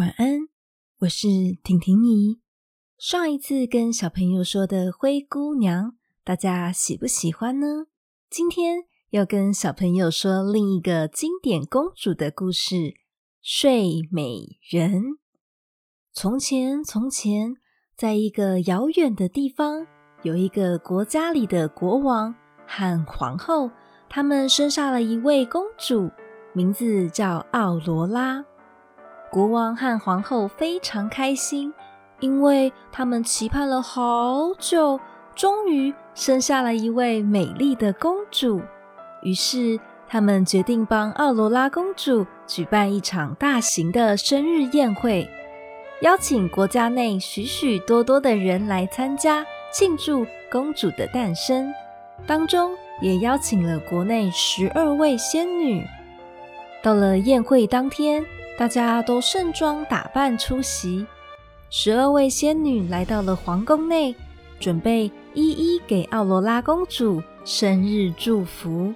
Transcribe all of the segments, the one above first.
晚安，我是婷婷姨。上一次跟小朋友說的《灰姑娘》，大家喜不喜歡呢？今天要跟小朋友說另一個經典公主的故事，《睡美人》。從前，從前，在一個遙遠的地方，有一個國家裡的國王和皇後，他們生下了一位公主，名字叫奧蘿拉。國王和皇后非常開心，因為他們期盼了好久，終於生下了一位美麗的公主。於是，他們決定幫奧蘿拉公主舉辦一場大型的生日宴會，邀請國家內許許多多的人來參加慶祝公主的誕生，當中也邀請了國內十二位仙女。到了宴會當天。大家都盛裝打扮出席，十二位仙女來到了皇宮內，準備一一給奧羅拉公主生日祝福。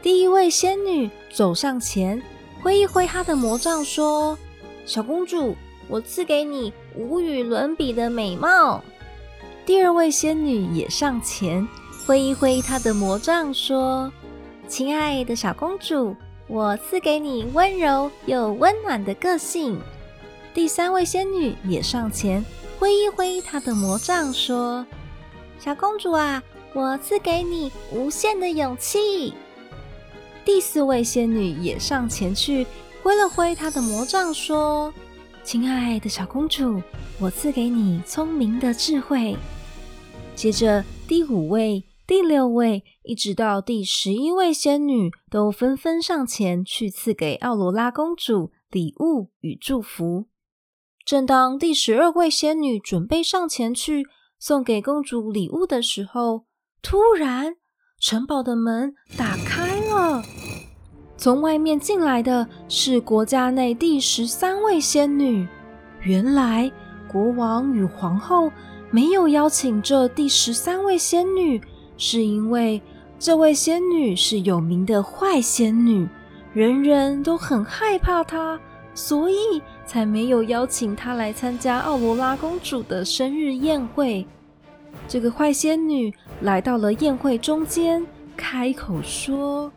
第一位仙女走上前，揮一揮她的魔杖，說：“小公主，我賜給你無與倫比的美貌。”第二位仙女也上前，揮一揮她的魔杖，說：“親愛的小公主。”我賜給你溫柔又溫暖的個性。第三位仙女也上前，揮一揮她的魔杖，說：“小公主啊，我賜給你無限的勇氣。”第四位仙女也上前去揮了揮她的魔杖，說：“親愛的小公主，我賜給你聰明的智慧。”接着，第五位。第六位一直到第十一位仙女都紛紛上前去賜給奧羅拉公主禮物與祝福。正當第十二位仙女準備上前去送給公主禮物的時候，突然城堡的門打開了，從外面進來的是國家內第十三位仙女。原來國王與皇后沒有邀請這第十三位仙女。是因為這位仙女是有名的壞仙女，人人都很害怕她，所以才沒有邀請她來參加奧羅拉公主的生日宴會。這個壞仙女來到了宴會中間，開口說：“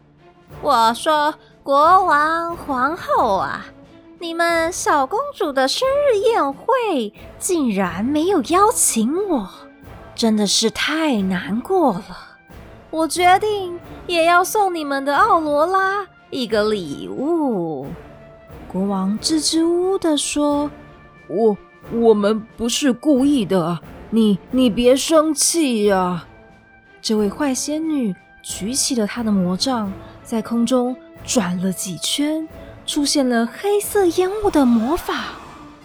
我說，國王、皇後啊，你們小公主的生日宴會竟然沒有邀請我。”真的是太難過了，我決定也要送你們的奧羅拉一個禮物。國王支支吾吾地說：“我我們不是故意的，你你別生氣呀、啊。”這位壞仙女舉起了她的魔杖，在空中轉了幾圈，出現了黑色煙霧的魔法。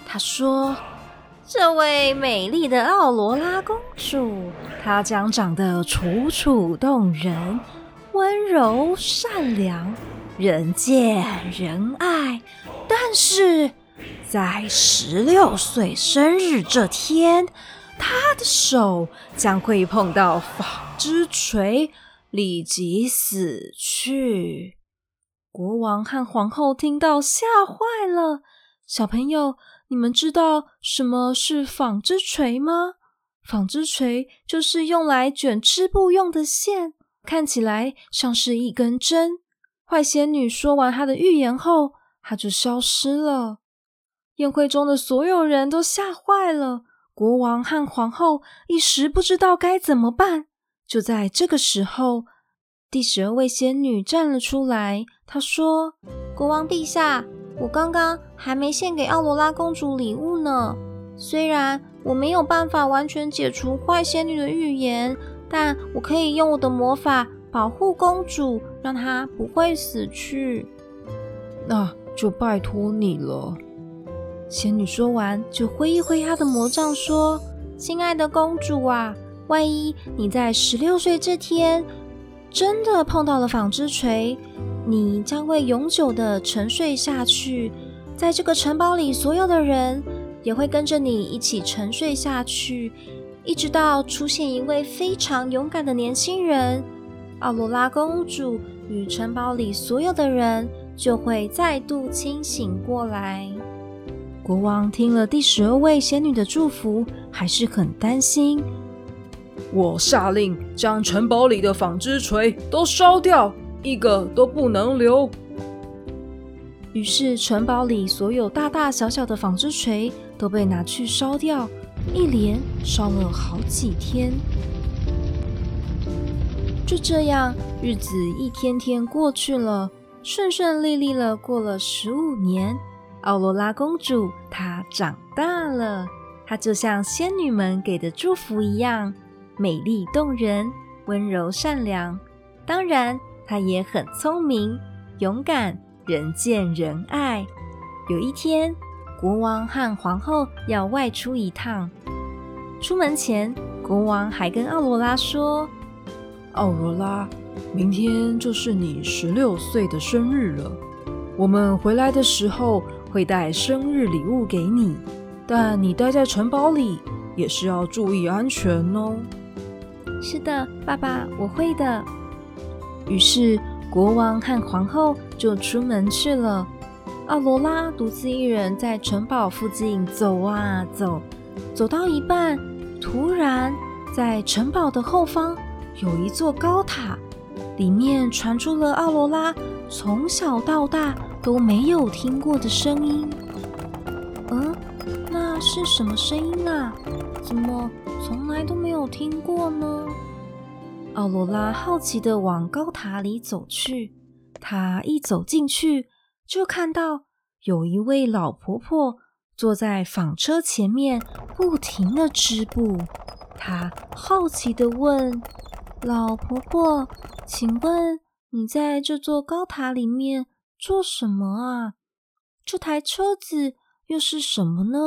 她說。這位美麗的奧羅拉公主，她將長得楚楚動人，溫柔善良，人見人愛。但是，在十六歲生日這天，她的手將會碰到紡織錘，立即死去。國王和皇后聽到嚇壞了，小朋友。你們知道什麼是紡織錘嗎？紡織錘就是用來卷織布用的線，看起來像是一根針。壞仙女說完她的預言後，她就消失了。宴會中的所有人都嚇壞了，國王和皇後一時不知道該怎麼辦。就在這個時候，第十二位仙女站了出來，她說：“國王陛下。”我剛剛還沒獻給奧羅拉公主禮物呢。雖然我沒有辦法完全解除壞仙女的預言，但我可以用我的魔法保護公主，讓她不會死去。那就拜托你了。仙女說完，就揮一揮她的魔杖，說：“親愛的公主啊，萬一你在十六歲這天真的碰到了紡織錘……”你將會永久地沉睡下去，在這個城堡裡，所有的人也會跟着你一起沉睡下去，一直到出現一位非常勇敢的年輕人，奧羅拉公主與城堡裡所有的人就會再度清醒過來。國王聽了第十二位仙女的祝福，還是很擔心。我下令將城堡裡的紡織錘都燒掉。一個都不能留。於是，城堡裡所有大大小小的紡織錘都被拿去燒掉，一連燒了好幾天。就這樣，日子一天天過去了，順順利利的過了十五年。奧羅拉公主她長大了，她就像仙女們給的祝福一樣，美麗動人，溫柔善良。當然。他也很聰明、勇敢，人見人愛。有一天，國王和皇后要外出一趟。出門前，國王還跟奧羅拉說：“奧羅拉，明天就是你十六歲的生日了。我們回來的時候會帶生日禮物給你，但你待在城堡裡也是要注意安全哦。”“是的，爸爸，我會的。”於是，國王和皇後就出門去了。奧羅拉獨自一人在城堡附近走啊走，走到一半，突然，在城堡的後方有一座高塔，裡面傳出了奧羅拉從小到大都沒有聽過的聲音。嗯，那是什麼聲音啊？怎麼從來都沒有聽過呢？奧羅拉好奇地往高塔裡走去。她一走進去，就看到有一位老婆婆坐在紡車前面不停地織布。她好奇地問老婆婆：“請問你在這座高塔裡面做什麼啊？這台車子又是什麼呢？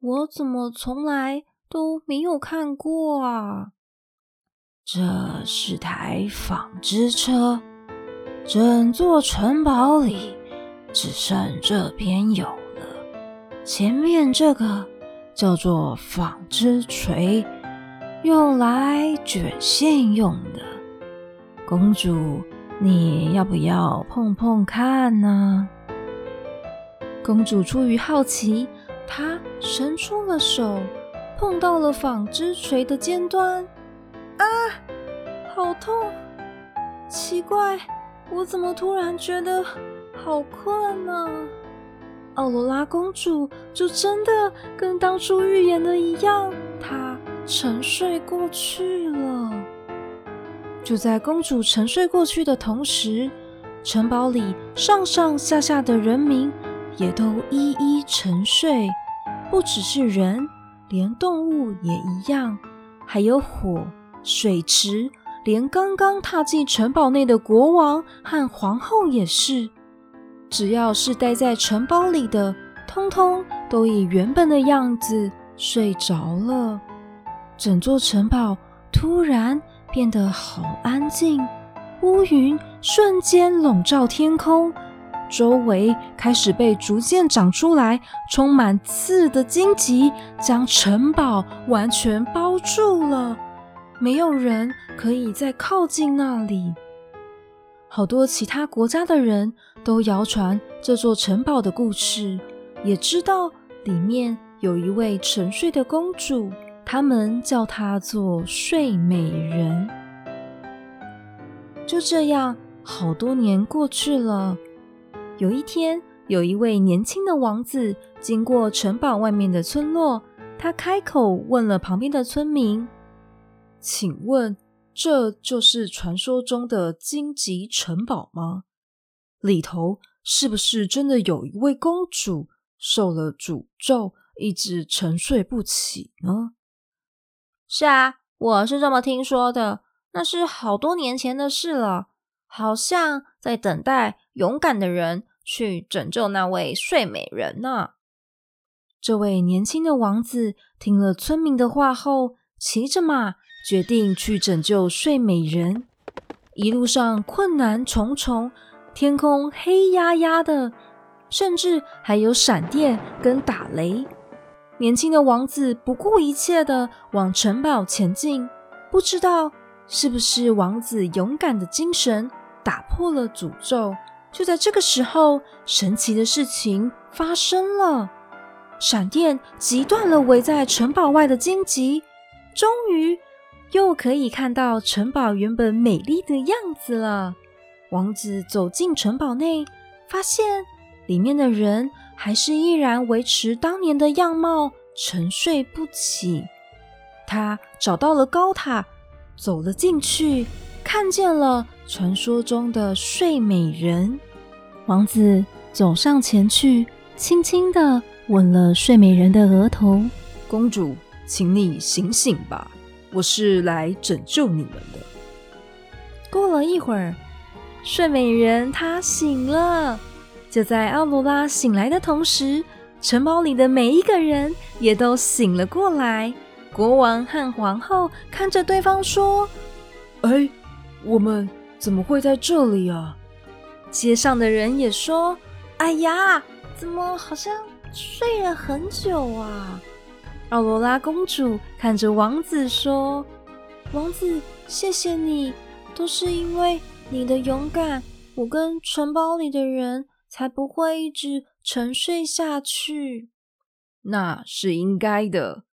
我怎麼從來都沒有看過啊？”這是台紡織車，整座城堡裡只剩這邊有了。前面這個叫做紡織錘，用來捲線用的。公主，你要不要碰碰看呢？啊？公主出於好奇，她伸出了手，碰到了紡織錘的尖端。啊，好痛！奇怪，我怎麼突然覺得好困呢？奧羅拉公主就真的跟當初預言的一樣，她沉睡過去了。就在公主沉睡過去的同時，城堡裡上上下下的人民也都一一沉睡。不只是人，連動物也一樣，還有火。水池、連剛剛踏進城堡內的國王和皇後也是。只要是待在城堡裡的，通通都以原本的樣子睡着了。整座城堡突然變得好安靜，烏雲瞬間籠罩天空，周圍開始被逐漸長出來、充滿刺的荊棘將城堡完全包住了。沒有人可以再靠近那裡。好多其他國家的人都謠傳這座城堡的故事，也知道裡面有一位沉睡的公主，他們叫她做睡美人。就這樣，好多年過去了。有一天，有一位年輕的王子經過城堡外面的村落，他開口問了旁邊的村民。請問，這就是傳說中的荊棘城堡嗎？裡頭是不是真的有一位公主受了詛咒，一直沉睡不起呢？是啊，我是這麼聽說的。那是好多年前的事了，好像在等待勇敢的人去拯救那位睡美人呢、啊。這位年輕的王子聽了村民的話後，騎着馬。決定去拯救睡美人，一路上困難重重，天空黑壓壓的，甚至還有閃電跟打雷。年輕的王子不顧一切地往城堡前進，不知道是不是王子勇敢的精神打破了詛咒。就在這個時候，神奇的事情發生了，閃電擊斷了圍在城堡外的荊棘，終於。又可以看到城堡原本美麗的樣子了。王子走進城堡內，發現裡面的人還是依然維持當年的樣貌，沉睡不起。他找到了高塔，走了進去，看見了傳說中的睡美人。王子走上前去，輕輕的吻了睡美人的額頭。公主，請你醒醒吧。我是來拯救你們的。過了一會兒，睡美人她醒了。就在奧羅拉醒來的同時，城堡裡的每一個人也都醒了過來。國王和皇後看着對方說：“誒，我們怎麼會在這裡啊？”街上的人也說：“哎呀，怎麼好像睡了很久啊？”奧羅拉公主看着王子說：“王子，謝謝你，都是因為你的勇敢，我跟城堡裡的人才不會一直沉睡下去。”那是應該的。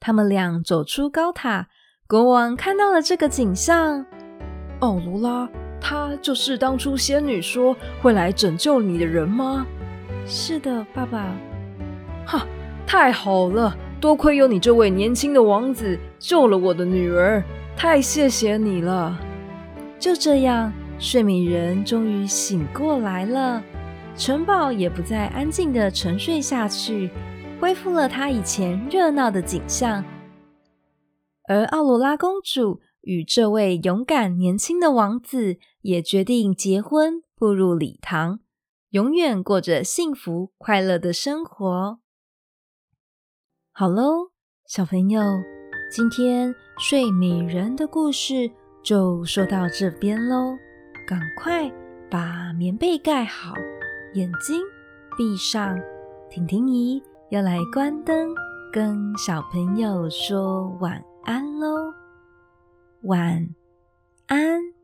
他們倆走出高塔，國王看到了這個景象。奧羅拉，他就是當初仙女說會來拯救你的人嗎？是的，爸爸。哈。太好了，多虧有你這位年輕的王子救了我的女兒，太謝謝你了。就這樣，睡美人終於醒過來了，城堡也不再安靜的沉睡下去，恢復了她以前熱鬧的景象。而奧羅拉公主與這位勇敢年輕的王子也決定結婚，步入禮堂，永遠過着幸福快樂的生活。好嘍，小朋友，今天睡美人的故事就說到這邊嘍。趕快把棉被蓋好，眼睛閉上，婷婷姨要來關燈，跟小朋友說晚安嘍。晚安。